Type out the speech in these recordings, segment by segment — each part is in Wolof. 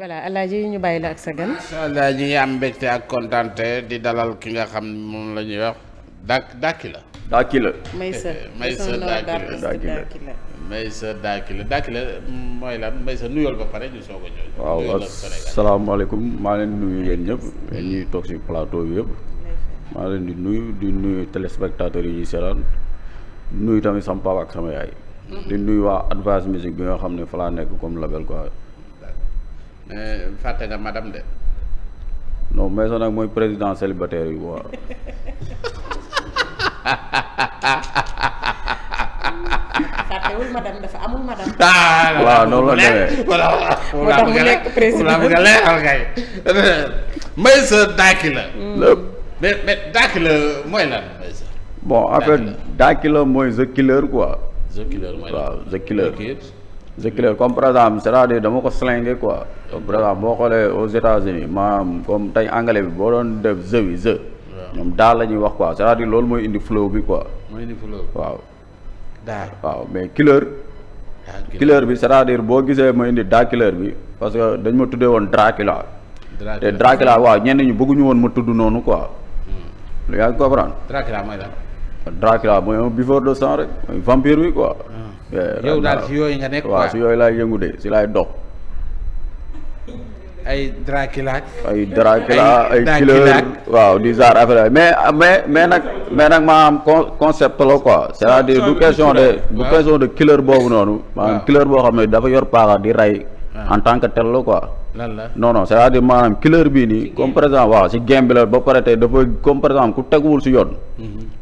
voilà Alaaji ñu bàyyi la ak sa gan. am mbégte ak kontante di dalal ki nga xam moom la ñuy wax dàkk dàkki la. dàkki la. Eh, eh, Maysa Maysa dàkki la Maysa waaw asalaamaaleykum maa leen nuyu yéen ñëpp ñuy toog plateau bi yëpp. maa leen di nuyu di nuyu téléspectateurs yi ñuy seetaan nuyu tamit sama ak sama yaay. Mm-hmm. di nuyu waa Advance Musique bi nga xam ne fa laa nekk comme label quoi. Eh, fàtte na madame de. non maison nag mooy président célibataire yi waaw. fàttewul ah, waaw noonu la demee. voilà voilà mu nekk président mu la. Mm. mais la bon en fait la mooy the killer quoi. the killer mooy lan waaw the killer. c'est clair comme par exemple cest à dama ko slingué quoi comme par exemple boo xoolee aux États-Unis maanaam comme tey anglais bi boo doon def the bi the ñoom daal la ñuy wax quoi cest à loolu mooy indi flow bi quoi. mooy indi flow waaw. daal waaw mais killer. killer bi cest boo gisee ma indi daa killer bi parce que dañ ma tuddee woon Dracula. te Dracula waaw ñenn ñu bëgguñu woon ma tudd noonu quoi. Hmm. lu yaa ngi comprendre. Dracula mooy lan. Dracula mooy un buveur de sang rek mooy vampire bi quoi. Ah. Eh, yooyu nga waaw si yooyu laay yëngu de si lay dox. ay Dracula ay Dracula ay killer waaw di genre affaire mais mais mais nag mais nag maa am concept la quoi c'est-à-dire du question de du question de killer boobu noonu maanaam killer boo xam ne dafa yor paaxa di rey ah. en tant que tel la quoi non non c'est-à-dire maanaam killer bii nii comme par exemple waaw si game la ba pare tey dafa comme par exemple ku teguwul si yoon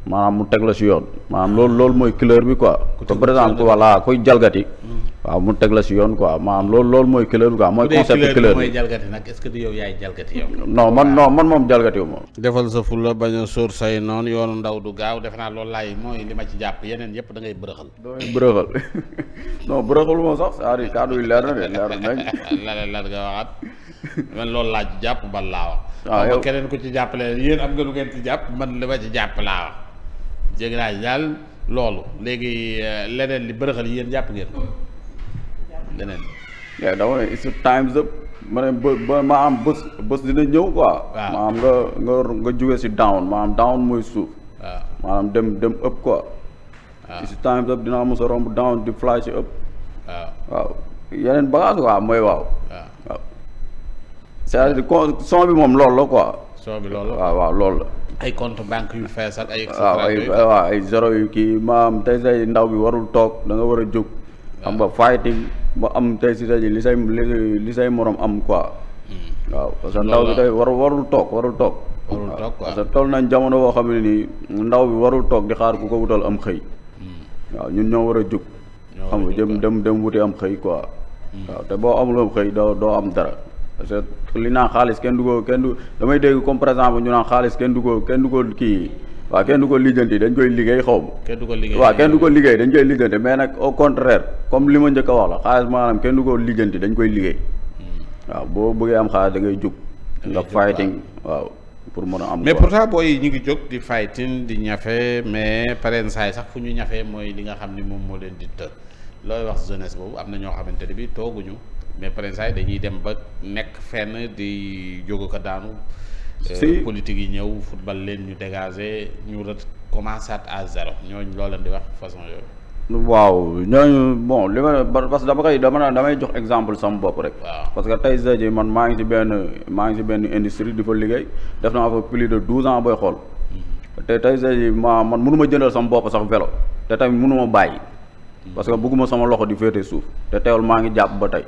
maanaam mu teg la si yoon maanaam lool loolu mooy couleur bi quoi te par exemple voilà koy jalgati hmm. waaw mu teg la si yoon quoi maanaam lool loolu mooy couleur bi quoi mooy concept couleur bi mooy jalgati nag est-ce que du yow yaay man moom jalgati wu moom defal sa fulla bañ a say noonu yoonu ndaw du gaaw defe naa loolu laay mooy li ma ci jàpp yeneen yëpp da ngay bërëxal dooy bërëxal non bërëxal moom sax c'est-à-dire yi leer na leer nañ la la nga waxaat man loolu laa ci jàpp man laa wax. Ah, yow keneen ku ci jàppale yéen am nga lu ngeen ci jàpp man li ma ci jàpp laa wax. jéggi naa daal loolu léegi eh, leneen li bërëxal yéen jàpp ngeen ko leneen. yow dama ne it's times up ma ne ba ba maa am bés bés dina ñëw quoi. waaw maanaam nga nga nga jóge si down maanaam down mooy suuf. waaw maanaam dem dem ëpp quoi. waaw it's times up dinaa mos a romb down di fly si ëpp. waaw waaw yeneen bagage quoi mooy waaw. c'est-à-dire son bi moom loolu la quoi. son bi loolu la waaw waaw loolu la. ay compte banque yu feesal ay. waaw ay waaw yu kii maam tey say ndaw bi warul toog da nga war a jóg. xam nga fighting ba am tey si tey li say li say morom am quoi. Hmm. waaw parce que ndaw bi tey war warul toog warul toog. warul parce que toll nañ jamono boo xam ne nii ndaw bi warul toog di xaar ku ko wutal am xëy. Hmm. waaw ñun ñoo war a jóg. xam nga dem dem dem wuti am xëy quoi. Hmm. te boo amul am xëy doo doo am dara. parce que li naan xaalis kenn du ko kenn du damay dégg comme par exemple ñu naan xaalis kenn du ko kenn du ko kii waaw kenn du ko lijjanti dañ koy liggéey xaw ma. kenn du ko liggéey kenn du ko liggéey dañ koy lijjanti mais nag au contraire li ma njëkk a wax la xaalis maanaam kenn ko lijjanti dañ koy liggéey hmm. waaw boo bëggee am xaalis da ngay jug. nga fighting waaw pour mën a am. mais pourtant booy ñu ngi jóg di fighting di ñafe mais pareen saay sax fu ñu ñafe mooy li nga xam ni moom moo leen di të looy wax jeunesse boobu am na ñoo xamante ne bi tooguñu. mais par exemple dañuy dem ba nekk fenn di jóg ko daanu. Euh, si politique yi ñëw football leen ñu dégager ñu recommencer à zéro ñooñu loo leen di wax façon yooyu. waaw ñooñu bon li ma parce que dama koy dama naan damay jox exemple sama bopp rek. parce que tey jii man maa ngi ci benn maa ngi benn industrie di fa liggéey def naa fa plus de booy xool. Mm-hmm. te tey jii ma man mënu ma jëndal sama bopp sax vélo te tamit mënu ma bàyyi. Mm-hmm. parce que bëgguma sama loxo di féete suuf te teewul maa ngi jàpp ba tey.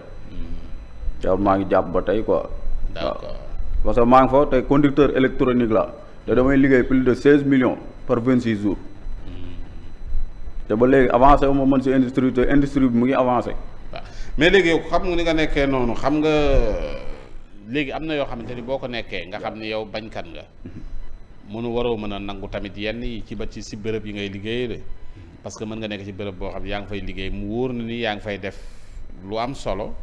yow maa ngi jàpp ba tey quoi. d'accord parce que maa ngi fa tey conducteur électronique la te damay liggéey plus de seize million par vingt six jours hmm. te ba léegi avancé wu ma mën si industrie te industrie bi mu ngi avancé. mais léegi yow xam nga ni nga nekkee noonu xam nga léegi am na yoo xamante ni boo ko nekkee nga xam ni yow bañkat nga mënu waroo mën a nangu tamit yenn yi ci ba ci si bërëb yi ngay liggéey de parce que mën nga nekk ci bërëb boo xam ne yaa ngi fay liggéey mu wóor na ni yaa ngi fay def lu am solo.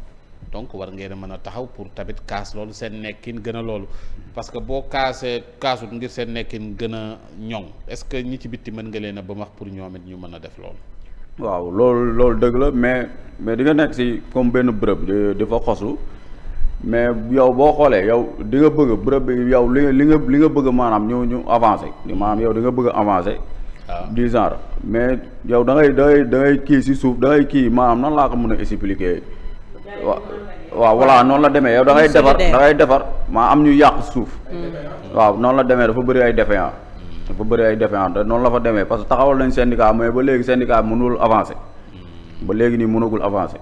donc war ngeen a mën a taxaw pour tamit kaas loolu seen nekkin gën a loolu parce que boo kaasee kaasut ngir seen nekkin gën a ñoŋ est-ce que ñi ci bitti mën nga leen a ba max pour ñoom it ñu mën a def loolu. waaw loolu loolu dëgg la mais mais di nga nekk si comme benn bërëb di fa xoslu mais yow boo xoolee yow di nga bëgg bërëb bi yow li li nga li nga bëgg maanaam ñu ñu avancé maanaam yow di nga bëgg a avancé. Ah. du mais yow da ngay da ngay kii si suuf da kii maanaam nan laa ko a expliquer. waaw waaw voilà noonu la demee yow da ngay defar da defar maa am ñu yàq suuf mm. waaw noonu la demee dafa bëri ay défaillant dafa bëri ay défaillant te noonu la fa demee parce que taxawal nañ syndicat mais ba léegi syndicat mënul avancer mm. ba léegi nii mënagul avancer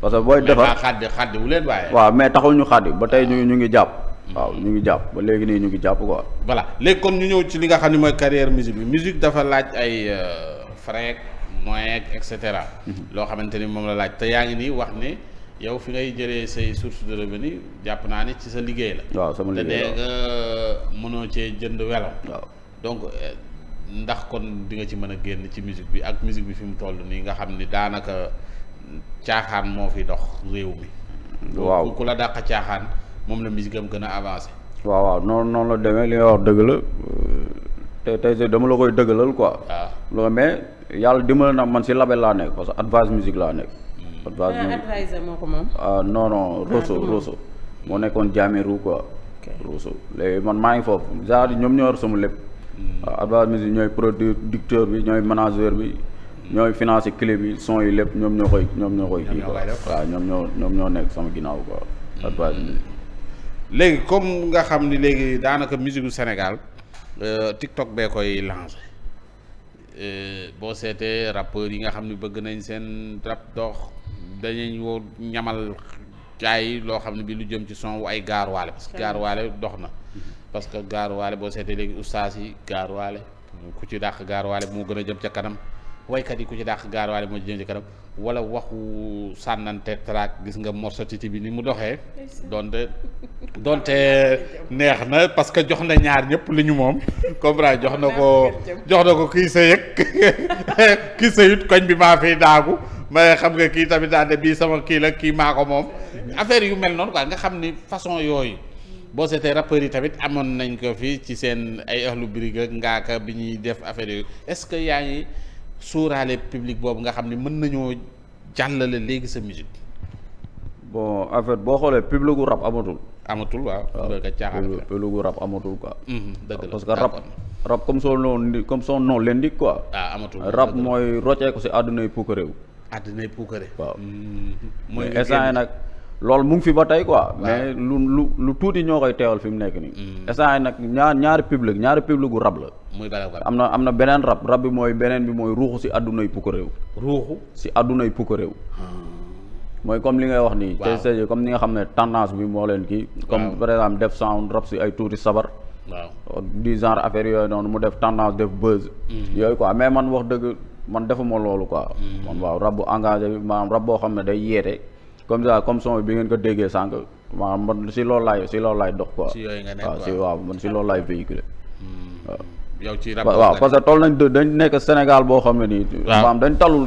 parce que booy defar xàddi xàddi wu leen waaw mais taxul ñu xàddi ba tey ñu ñu ngi jàpp mm. waaw ñu ngi jàpp ba léegi nii ñu ngi jàpp ko voilà léegi kon ñu ñëw ci li nga xam ne mooy carrière musique bi musique dafa laaj ay euh, frais moyens et cetera mm-hmm. loo xamante ni moom la laaj te yaa ngi nii wax ni yow fi ngay jëlee say source de revenu jàpp naa ne ci sa liggéey la. waaw sama liggéey la te mënoo cee jënd welo. waaw donc eh, ndax kon di nga ci mën a génn ci musique bi ak musique bi fi mu toll nii nga xam ni daanaka caaxaan moo fi dox réew mi. waaw ku la dàq caaxaan moom la musique am gën a avancé. waaw waaw noonu noonu la demee li nga wax dëgg la te tey dama la koy dëggalal ko waaw ah. loolu mais yàlla dimbali na man si label laa nekk parce que advance musique laa nekk. base euh, bi ah, non non Rosso moo nekkoon Jaameru quoi Rosso léegi man maa ngi foofu genre ñoom ñoo war sama lépp waaw Advance Music ñooy producteur bi ñooy manager bi hmm. ñooy financé clip yi son yi lépp ñoom ñoo koy ñoom ñoo koy kii quoi waaw ñoom ñoo ñoom ñoo nekk sama ginnaaw quoi hmm. Advance Music léegi comme nga xam ni léegi daanaka musique du Sénégal euh, TikTok bee koy lancé euh, boo seetee rappeurs yi nga xam ni bëgg nañ seen rap dox dañuy woo ñamal jaay loo xam ne bi lu jëm ci son wu ay gaaruwaale parce que gaaruwaale dox na parce que gaaruwaale boo seetee léegi ustaas yi gaaruwaale ku ci dàq gaaruwaale moo gën a jëm ca kanam waykat yi ku ci dàq gaaruwaale moo jëm ca kanam wala waxu sànnante track gis nga morso titi bi ni mu doxee donte donte neex na parce que jox na ñaar ñëpp li ñu moom comprendre jox na ko jox na ko kii sa kii sa koñ bi maa fiy daagu mais xam nga kii tamit daal de bii sama kii la kii maa ko moom affaire yu mel noonu quoi nga xam ni façon yooyu boo seetee rappeurs yi tamit amoon nañ ko fii ci seen ay ahlu birig ak ngaaka bi ñuy def affaire yooyu est-ce que yaa ngi suuraale public boobu nga xam ni mën nañoo jàllale léegi sa musique bon en boo xoolee public gu rab amatul. amatul waaw. waaw public gu rap amatul quoi. Mhm, dëgg la parce que rap rap comme son nom comme son nom l'indique quoi. ah amatul rap mooy rocceeku si àdduna yi puuk àddinay puukare waaw mm-hmm. mooy instant nag loolu mu ngi fi ba tey quoi mais lu lu lu tuuti ñoo koy teewal fi mu nekk nii mm-hmm. instant nag ñaar ñaari public ñaari public gu rab la am na am na beneen rab rab bi mooy beneen bi mooy ruuxu si àddunay puukareew ruuxu si àddunay puukareew ah. mooy comme li ngay wax nii tey sëñ comme ni nga xam ne tendance bi moo leen kii comme par exemple def sound rab si ay tuuti sabar waaw du genre affaire yooyu noonu mu def tendance def buzz mm-hmm. yooyu man defuma loolu ko mm-hmm. man waaw rab bu engagé bi maanaam rab boo xam ne day yeete comme ça comme son bi ngeen ko déggee sànq maanaam man si loolu laay si loolu laay dox quoi. si yooyu nga nekk waaw si mm-hmm. yow ci rab waaw parce que toll nañ dañ nekk Sénégal boo xam ne nii. waaw maanaam dañ talul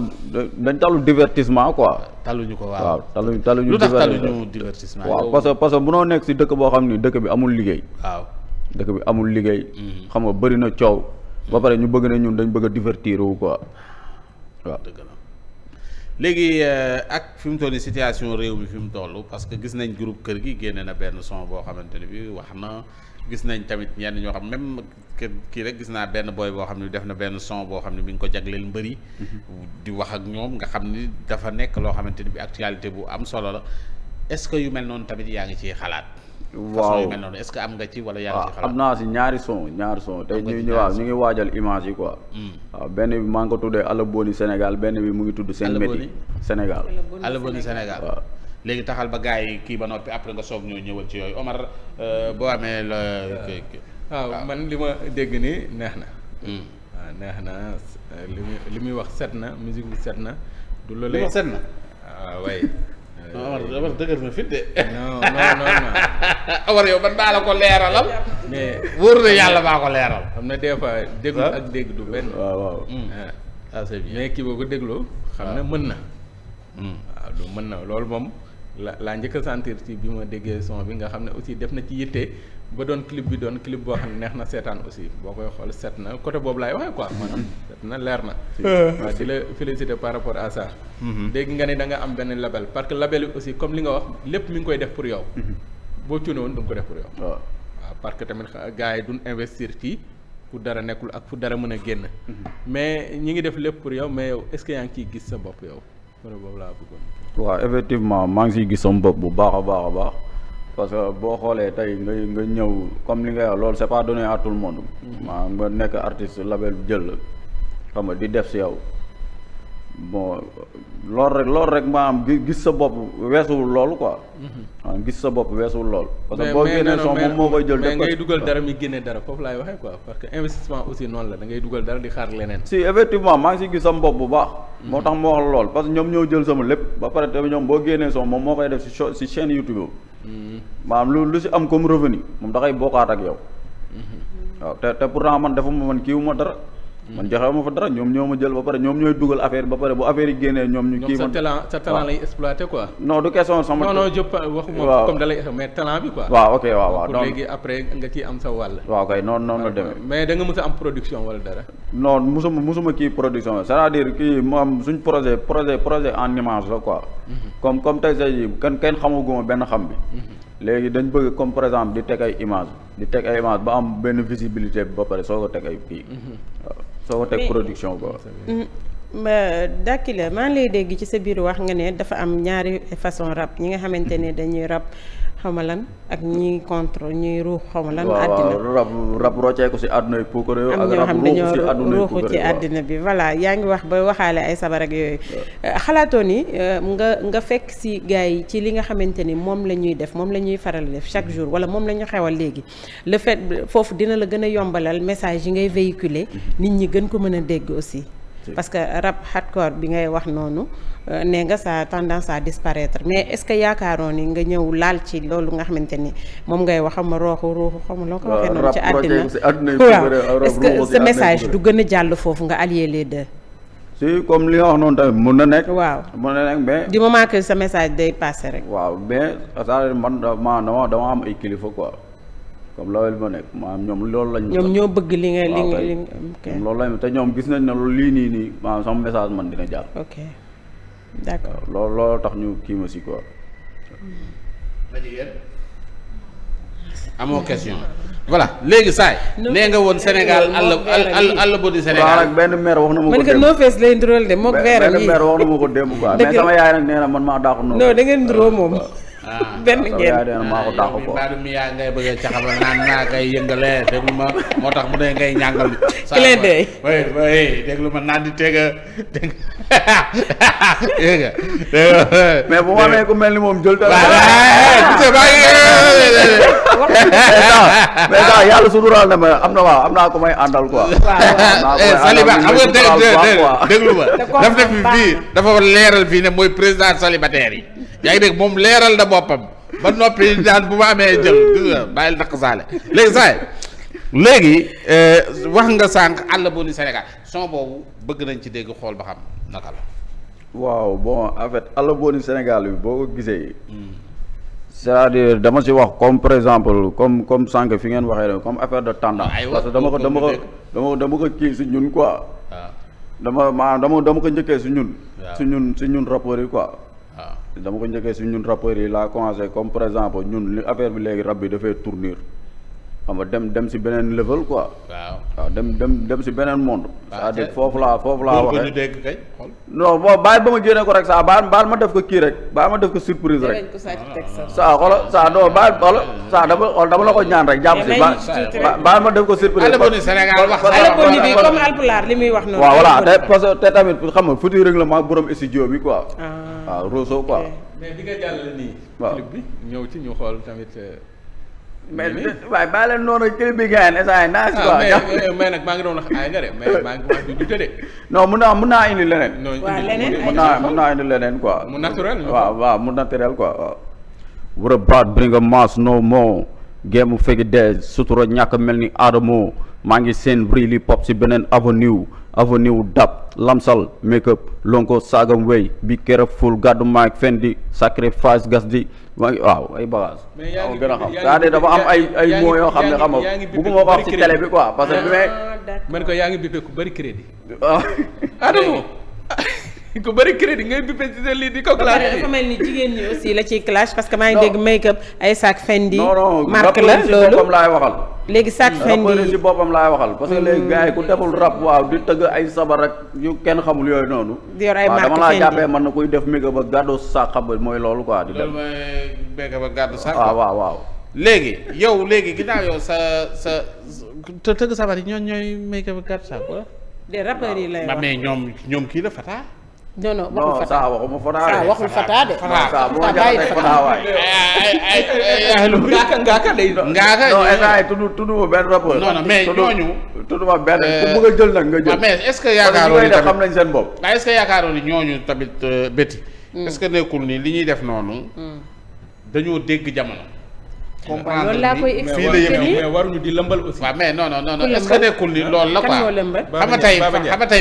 dañ talul divertissement quoi. taluñu ko waaw waaw taluñu taluñu. lu tax taluñu divertissement. waaw parce que parce que munoo nekk si dëkk boo xam ni dëkk bi amul liggéey. dëkk bi amul liggéey. Mm-hmm. xam nga bëri na coow. ba pare ñu bëgg ne ñun dañ bëgg a divertir wu quoi. waaw dëgg la léegi euh, ak fi mu toll situation réew mi fi mu toll parce que gis nañ groupe kër gi génne na benn son boo xamante ne bi wax na gis nañ tamit yenn ñoo xam même kër kii rek gis naa benn boy boo xam ne def na benn son boo xam ne mi ngi ko jagleel mbëri mm-hmm. di wax ak ñoom nga xam ni dafa nekk loo xamante ni bi actualité bu am solo la est-ce que yu mel noonu tamit yaa ngi ciy xalaat waaw mel noonu est-ce que am nga ci wala yaa ci xalaat am naa si ñaari son ñaari son te ñu ñu waaw ñu ngi waajal image yi quoi hmm. waaw benn bi maa ngi ko tuddee Alaboni Sénégal benn bi mu ngi tudd seen métti Sénégal Alaboni Sénégal waaw léegi taxal ba gars yi kii ba noppi après nga soog ñoo ñëwal ci yooyu Omar euh, boo amee la waaw man li ma dégg ni neex na hmm. neex na euh, li muy li muy wax set na musique bi set na du loolee set na waaw ah, waaye non Omar Omar dëgër na fit de. non non non. Omar yow man maa la ko mais wóor na yàlla baa ko leeral. xam na des fois déglu ah? ak dégg du benn. waaw waaw. Hmm. ah, ah. mais kii boo ko dégloo. xam ah. ne mën na. Hmm. waaw du mën na loolu moom. la laa njëkk a sentir ci bi ma déggee son bi nga xam ne aussi def na ci yitte ba doon clip bi doon clip boo xam ne neex na seetaan aussi boo koy xool set na côté boobu laa waxee quoi maanaam set na leer na euh. waaw la féliciter par rapport à ça mm-hmm. dégg nga ne da am benn label parce que label bi aussi comme li nga wax lépp mi ngi koy def pour yow mm-hmm. boo cuune woon du nga ko def pour yow waaw parce que tamit gars yi duñ investir ci fu dara nekkul ak fu dara mën a génn mm-hmm. mais ñi ngi def lépp pour yow mais yow est ngi ciy gis sa bopp yow côté boobu laa bëggoon waaw effectivement maa ngi siy gis sama bopp bu baax a baax a baax parce que boo xoolee tey nga nga ñëw comme li nga wax loolu c'est pas donné à tout le monde. Mm-hmm. maa nga nekk artiste label jël xam nga di def si yow. bon loolu rek loolu rek maanaam gis sa bopp weesuwul loolu quoi. Mhm. maanaam gis sa bopp weesuwul loolu. parce que boo génnee son moom moo koy jël. def ko mais ngay dugal dara mi foofu laay waxee quoi parce que investissement aussi noonu la da ngay dugal dara di xaar leneen. si effectivement maa ngi si gis sama bopp bu baax. Mhm. moo tax ma wax lool parce que ñoom ñoo jël sama lépp ba pare tamit ñoom boo génnee son moom moo koy def si cho si chaîne YouTube mhm. am. lu lu si am comme revenu moom da koy bokkaat ak yow. waaw te te pourtant man defuma man kii wu ma dara. Mm. man joxe ma fa dara ñoom ñoo ma jël ba pare ñoom ñooy dugal affaire ba pare bu affaire yi génnee ñoom ñu kii man sa talent sa talent lay exploité quoi non du question sama non non mais waaw ok waaw waaw donc nga ciy am sa wàll waaw noonu noonu demee mais da nga a am production wala dara non musuma musuma kii production c'est-à-dire kii mu am suñ projet projet projet en image la quoi mhm. comme comme tey say yi kenn kenn xamaguma benn xam bi mhm. léegi dañ bëgg comme par exemple di teg ay image di teg ay image ba am benn visibilité bi ba pare soo ko teg ay kii mhm. soo teg production boobu. Mm-hmm. Dakile maa ngi lay dégg ci sa biir wax nga ne dafa am ñaari façon rab ñi nga xamante ne dañuy rab xawma lan ak ñi contre ñuy ruux xawma lan. àddina waaw rab rab rocceeku si àdduna yi puukare ak rab ruuxu àddina bi voilà yaa ngi wax ba waxaale ay sabar ak yooyu. Eh, xalaatoo ni eh, nga nga fekk si gars yi ci li nga xamante ni moom la ñuy def moom la ñuy faral def chaque jour wala moom la ñu xewal léegi le fait foofu dina la gën a yombalal message yi ngay véhiculer mm-hmm. nit ñi gën ko mën a dégg aussi. parce que rab hardcore bi ngay wax noonu euh, nee nga sa tendant à disparaître mais est ce que yaakaaroon ni nga ñëw laal ci loolu nga xamante ni moom ngay wax xam rooxu ruuxu xam ko waxee noonu ci àddina waaw est ce message du gën a jàll foofu nga allier les deux si comme li nga wax noonu tamit mun na nekk waaw mun na nekk mais du moment sa message day passé rek waaw mais c'est-à-dire man dama dama am ay kilifa comme lawel ma nekk maanaam ñoom loolu lañ. ñoom ñoo bëgg li nga li nga li nga. loolu lañ te ñoom gis nañ ne lii nii nii maanaam sama message man dina jàll. ok d' accord loolu loolu tax ñu kii ma si quoi. amoo question voilà léegi saay nee nga woon Sénégal àll àll àll ba di Sénégal. benn maire wax na ma ko démb man kat de moog. na ma sama yaay nag nee man maa dàqu noonu. non da ngeen moom. benn ngeen maa ko dàq ko mbaadu mi yaa ngay bëgg a naan naa koy yëngalee déglu moo tax mu ne ngay ñàngal di tega mais bu ma amee ku mooy président célibataire yi yaa ngi dégg moom leeral na boppam ba noppi daan bu ma amee jël bàyyil naq saale léegi saay léegi euh, wax nga sànq àll Sénégal son boobu bëgg nañ ci dégg xool ba xam naka la waaw bon en fait àll boni Sénégal bi boo ko gisee hmm. c'est-à-dire dama ci wax comme par exemple comme comme sànq fi ngeen waxee ne comme affaire de tendance ah, parce que dama ko dama ko dama dama ko kii si ñun quoi ah. dama maanaam dama dama ko njëkkee si ñun si ñun si ñun rapport yi quoi dama ko njëkkee si ñun rappeurs yi laa commencé comme par exemple ñun li affaire bi léegi rab bi dafay tournure xam nga dem dem si beneen level quoi. waaw waaw dem dem dem si beneen monde. c'est-à-dire foofu laa foofu laa waxee ñu dégg kay xool. non bon bàyyi ba ma génne ko rek saa baal baal ma def ko kii rek baal ma def ko surprise rek. saa xolo saa non baal xolo saa dama xool dama la ko ñaan rek jàpp si baal baal ma def ko surprise. waaw voilà te parce te tamit xam nga futur règlement borom studio bi quoi. Ah, waaw Rosso quoi. waaw mais waaye baa noonu télé bi gars yi ne saa yi naa si quoi. nag maa ngi doon wax ay nga de mais mun naa mun naa indi leneen. mun naa mun naa indi leneen quoi. mu naturel waaw waaw mu naturel quoi waaw. war a mass no more game fegi de sutura ñàkk mel ni Adamo maa ngi seen really pop si beneen avenue avenue dap lamsal makeup lonko sagam wey bi careful gàddu maag fendi sacrifice gas di waaw ay bagage aw gën a xam c'est-à-dire dafa ay ay mots yoo xam ne xam nga bugguma ko wax ci télé bi quoi parce que bi may man ko yaa ngi bippee ku bëri crédit ah. ku bëri crédit ngay bippé ci sa lii di ko clash dafa mel ni jigéen ñi aussi la ciy clash parce que maa ngi dégg make up ay sac Fendi marque la loolu boppam laay waxal léegi sac mm. Fendi ci boppam laay waxal parce que léegi gars yi ku deful rap waaw di tëgg ay sabar rek yu kenn xamul yooyu noonu di yor ay marque Fendi na kuy def make up ba mooy loolu quoi di def loolu mooy waaw ah, waaw waaw léegi yow léegi ginnaaw yow sa sa te tëgg sabar yi ñoom ñooy make up ba gàddu sac wala des rappeurs yi lay wax ñoom ñoom kii la Fata non non waxul Fata non waxuma waxul Fata de. Fata bu ay ay ay lu ngaaka ngaaka benn rappeur. non mais ñooñu. tudd ma benn eh, ku a jël nag nga jël. mais est ce que yaakaaroon ni tamit xam nañ seen bopp. ñooñu tamit euh, bétti. Hmm. est que nekkul ni li ñuy def noonu. Hmm. dañoo dégg jamono. comprendre loolu laa nii waruñu di lëmbal aussi. waaw mais non non non est nekkul ni loolu la quoi. kan moo lëmbal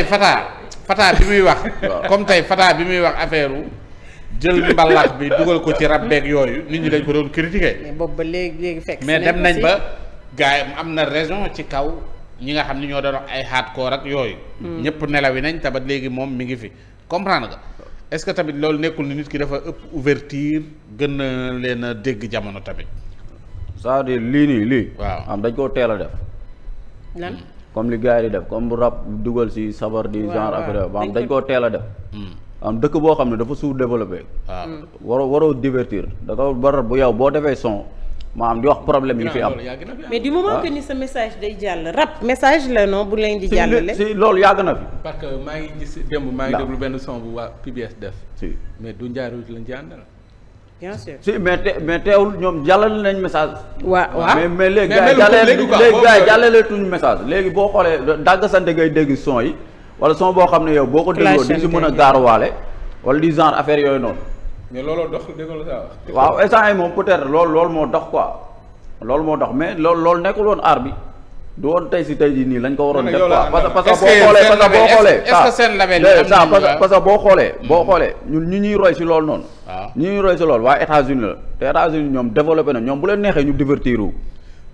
xam Fata bi muy wax. comme tey Fata bi muy wax affaire jël mbalax bi dugal ko ci rab beeg yooyu nit ñi lañ ko doon critiquer. mais ba léegi léegi fekk. mais dem nañ ba gars am na raison ci kaw ñi nga xam ni ñoo doon wax ay hardcore ak yooyu. Hmm. ñëpp nelawi nañ tabat léegi moom mu ngi fi comprendre nga. est-ce que tamit loolu nekkul ni nit ki dafa ëpp ouverture gën a leen a dégg jamono tamit. cest de lii nii lii. waaw am dañ koo teel a def. comme li gars yi di def comme rap dugal si sabar di genre affaire ba dañ koo teel a def hmm. am dëkk boo xam ne dafa sous développé hmm. waroo waroo divertir da ko bar bu yow boo defee son maanaam di wax problème yi fi am mais du moment ah. que ni sa message day jàll rap message la non bu leen di jàllale si loolu yàgg na fi parce que maa ngi gis démb maa ngi lu benn son bu waa PBS def mais du njaaru lañ ci àndal bien sûr si mais te mais teewul ñoom jàllale nañ message. waa waaw mais mais léegi. mais léegi gars yi jàllale message léegi boo xoolee dàggasante ngay dégg son yi wala son boo xam ne yow boo ko dégloo di si mën a gaaruwaale wala di genre affaire yooyu noonu. mais looloo dox dégg nga moom peut-être lool loolu moo dox ko loolu moo dox mais loolu loolu nekkul woon aar bi. du woon tey si tey jii nii lañ ko waroon ah, def quoi parce que boo boo xoolee ah, seen label parce que boo xoolee hmm. boo xoolee ñun ñu ñuy roy si loolu noonu ah. ñu ñuy roy si loolu waa États-Unis la te États-Unis ñoom développé na ñoom bu leen neexee ñu divertir wu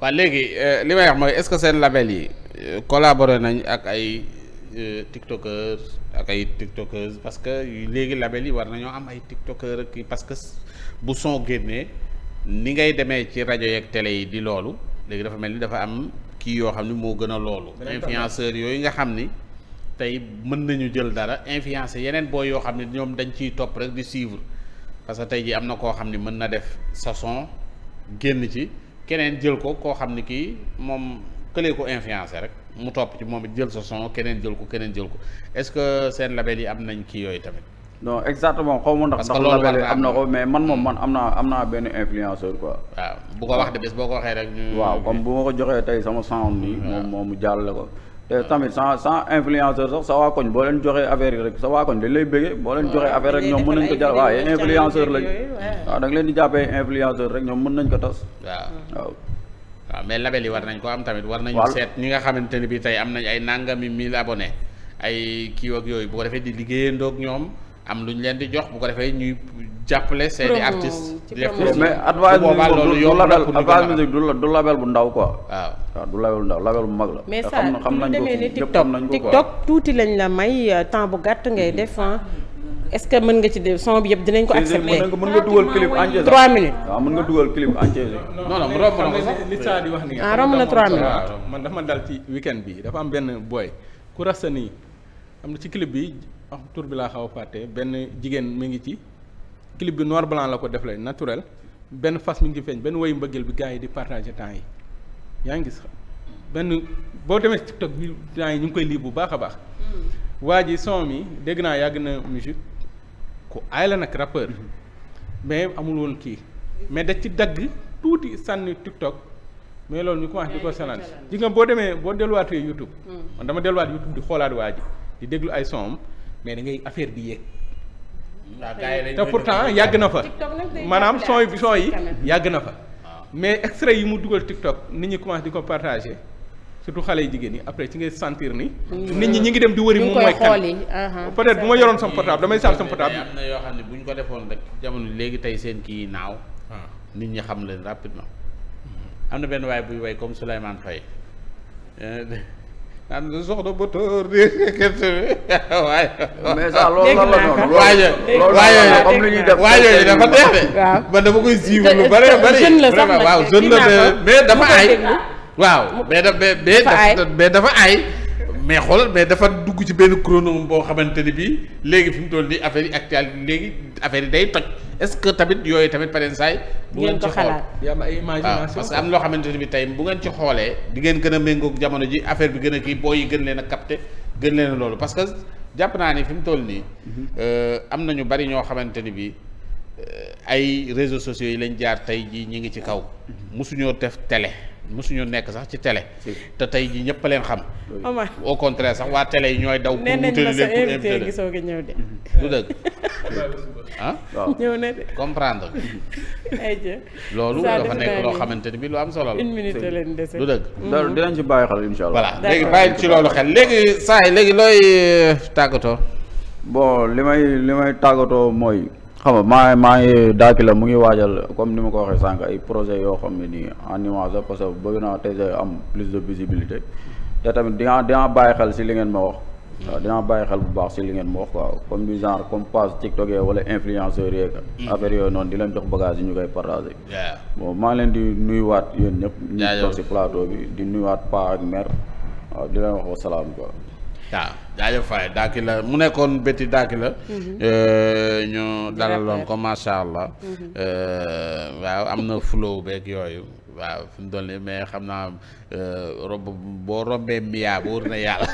waaw léegi euh, li may wax mooy est-ce que seen label yi euh, collaboré nañ ak ay euh, tiktokers ak ay tiktokers parce que léegi label yi war nañoo am ay tiktokers ak parce que bu son génnee ni ngay demee ci rajo yeeg tele yi di loolu léegi dafa mel ni dafa am kii yoo xam ne moo gën a loolu influenceur yooyu nga xam ni tey mën nañu jël dara influenceur yeneen booy yoo xam ne ñoom dañ ciy topp rek di suivre parce que tey ji am na koo xam ne mën na def saison génn ci keneen jël ko koo xam ne kii moom këlee ko influenceur rek mu topp ci moom it jël son keneen jël ko keneen jël ko est-ce que seen label yi am nañ kii yooyu tamit non exactement xaw ma ndax sax label am na ko mais man moom man am naa am naa benn influenceur quoi. waaw bu ko wax de bés boo ko waxee rek. waaw comme bu ma ko joxee tey sama sound nii. moom moom mu jàllale ko. te tamit sans sans influenceur sax sa waa koñ boo leen joxee affaire yi rek sa waa koñ dañ lay bëggee boo leen joxee affaire rek ñoom mën nañ ko jàll waaw yéen influenceur lañ waaw da leen di jàppee influenceur rek ñoom mën nañ ko tas waaw mais label nañ ko am tamit war nañu seet ñi nga xamante ne bi tey am nañ ay nangami mille abonnés ay kii ak yooyu bu defee di liggéeyandoog ñoom am lu ñu leen di jox bu ko defee ñuy jàppale seeni artistes di def mais Advice Music loolu yow label Advice Music du du label bu ndaw ko waaw waaw du label bu ndaw label bu mag la mais ça xam nañ ko TikTok TikTok tuuti lañ la may euh, temps bu gàtt ngay mm-hmm. def est-ce que mën nga ci def son bi yëpp dinañ ko accepté mën nga dugal clip trois minutes waaw mën nga dugal clip na li saa di wax ni ah romb na trois minutes man dafa ma dal ci weekend bi dafa am benn boy ku rasta nii am na ci clip bi wax ah, tour bi laa xaw a fàtte benn jigéen mi ngi ci clip bi noir blanc la ko def la naturel benn fas mu ngi feeñ benn woyu mbëggeel bi gars yi di partagé temps yi yaa ngi gis benn boo demee ci TikTok bi temps yi ñu ngi koy lii bu baax a baax hmm. waa ji son mi dégg naa yàgg na musique ku aay la nag rappeur hmm. mais amul woon kii mais da ci dagg tuuti sànni TikTok mais loolu ñu commencé di ko salaan ji nga boo demee boo delluwaatee YouTube hmm. man dama delluwaat YouTube di xoolaat waa ji di déglu ay son mais da ngay affaire bi yéeg. Ah, te pourtant yàgg na fa. maanaam son yi son yi yàgg na fa. Ah. mais extrait yi mu dugal TikTok nit ñi commencé di ko partagé surtout xale yi jigéen ñi après ci ngay sentir ni. nit ñi ñi ngi dem di wëri moom mooy kan peut être bu ma yoroon sama hmm. portable damay saal sama hmm. portable. yoo xam ne bu ñu ko defoon rek jamono léegi tey seen kii naaw. Ah. nit ñi xam leen rapidement. Hmm. am na benn waay buy way comme Souleymane Faye. naan la soxna ba tóor di gerte bi waaye. mais sax la noonu waaye comme li waaye dafa neex de. waaw man dama koy siiw lu bari bari vraiment waaw jeune la mais dafa aay. waaw mais da mais dafa aay. mais xoolal mais dafa dugg ci benn chrono boo xamante ni bii léegi fi mu toll nii affaire yi actuelle léegi affaire yi day toj. est-ce que tamit yooyu tamit pareen saay bu ngeen ci xool waaw parce que am loo xamante ne bi tey bu ngeen ci xoolee di ngeen gën a méngoog jamono ji affaire bi gën a kii booy yi gën leen a capté gën leen loolu parce que jàpp naa ni fi mu toll nii mm-hmm. euh, am na ñu bari ñoo xamante ni bi euh, ay réseaux sociaux yi lañ jaar tey jii ñi ngi ci kaw mosuñoo mm-hmm. def tele mosuñoo nekk sax ci télé te tey jii ñëpp leen xam Omar oh au contraire sax waa télé yi ñooy daw. pour wutali leen gi ñëw de. Ah? de. comprendre loolu dafa nekk loo xamante ni bi lu am solo la. une minute mhm. dinañ ci bàyyi xel incha allah. léegi bàyyi ci loolu xel léegi saa yi léegi looy euh, tàggatoo. bon li may li may tàggatoo mooy. xam nga maa maa ngi daaki la mu ngi waajal comme ni ma ko waxee sànq ay projet yoo xam ne nii en image bëgg naa tey am plus de visibilité. te tamit dinaa dinaa bàyyi xel si li ngeen ma wax mm. waaw dinaa bàyyi xel bu baax si li ngeen ma wax quoi comme du genre comme page TikTok wala influenceurs yeeg mm. affaire yooyu noonu di leen jox bagage yi ñu koy partagé bon maa leen di nuyuwaat yéen ñëpp ñu toog si plateau bi di nuyuwaat pa ak mère waaw di leen wax wa salaam quoi waaw jaajëf Faye daaki la mu nekkoon bëtti dàkki la mm-hmm. euh, ñu loon ko macha allah mm-hmm. euh, waaw am na flow beeg yooyu waaw fi mu toll mais xam naa euh, rob boo rombee miyaa ba wër na yàlla.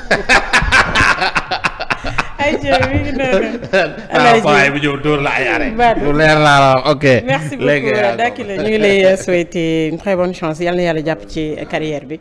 ay jërëjëf mi ngi noonu. alaay bu ñëw dóor la ay arrêt. lu leer laa la léegi merci beaucoup euh, Dakile ñu lay souhaiter une très bonne chance yal na yàlla jàpp ci carrière bi.